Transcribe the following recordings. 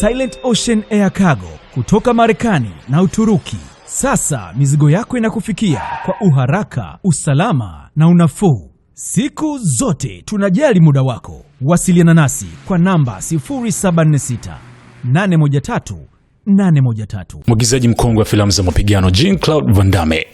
Silent Ocean Air Cargo kutoka Marekani na Uturuki. Sasa mizigo yako inakufikia kwa uharaka, usalama na unafuu. Siku zote tunajali muda wako. Wasiliana nasi kwa namba 076 813 813. Mwigizaji mkongwe wa filamu za mapigano Jean Claude Van Damme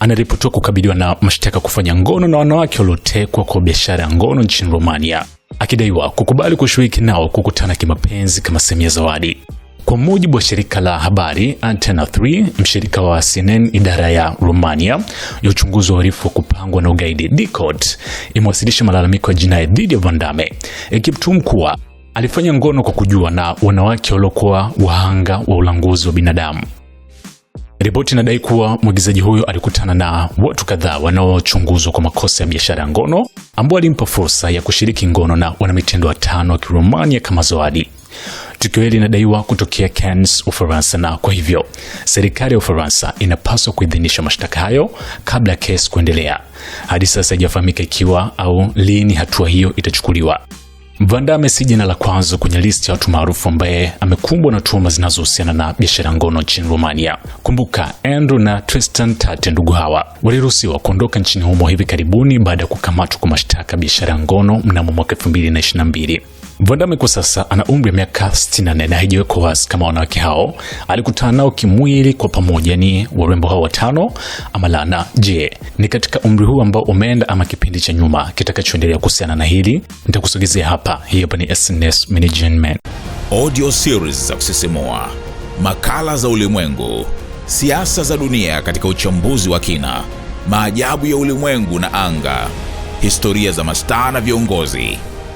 anaripotiwa kukabiliwa na mashtaka kufanya ngono na wanawake waliotekwa kwa biashara ya ngono nchini Romania akidaiwa kukubali kushiriki nao kukutana kimapenzi kama ya Zawadi. Kwa mujibu wa shirika la habari Antena 3, mshirika wa CNN idara ya Romania ya uchunguzi wa uhalifu wa kupangwa na ugaidi DCOT imewasilisha malalamiko ya jinai dhidi ya Vandame ikimtuhumu kuwa alifanya ngono kwa kujua na wanawake waliokuwa wahanga wa ulanguzi wa binadamu. Ripoti inadai kuwa mwigizaji huyo alikutana na watu kadhaa wanaochunguzwa kwa makosa ya biashara ya ngono ambao alimpa fursa ya kushiriki ngono na wanamitindo watano wa Kiromania kama zawadi. Tukio hili linadaiwa kutokea Cannes, Ufaransa, na kwa hivyo serikali ya Ufaransa inapaswa kuidhinisha mashtaka hayo kabla ya kesi kuendelea. Hadi sasa haijafahamika ikiwa au lini hatua hiyo itachukuliwa. Vandame si jina la kwanza kwenye listi ya watu maarufu ambaye amekumbwa na tuhuma zinazohusiana na biashara ngono nchini Romania. Kumbuka Andrew na Tristan Tate, ndugu hawa waliruhusiwa kuondoka nchini humo hivi karibuni baada ya kukamatwa kwa mashtaka biashara ngono mnamo mwaka 2022. Vandame kwa sasa ana umri wa miaka 64 na haijawekwa wazi kama wanawake hao alikutana nao kimwili kwa pamoja ni warembo hao watano ama lana. Je, ni katika umri huu ambao umeenda ama kipindi cha nyuma? Kitakachoendelea kuhusiana na hili nitakusogezea hapa. Hiyo hapa ni SNS Management audio series za kusisimua, makala za ulimwengu, siasa za dunia katika uchambuzi wa kina, maajabu ya ulimwengu na anga, historia za mastaa na viongozi